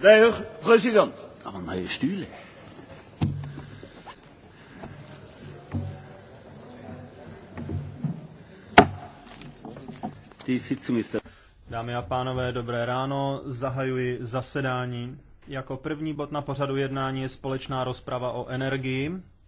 De heer president. Aan mijn stuur. Dámy a pánové, dobré ráno. Zahajuji zasedání. Jako první bod na pořadu jednání je společná rozprava o energii.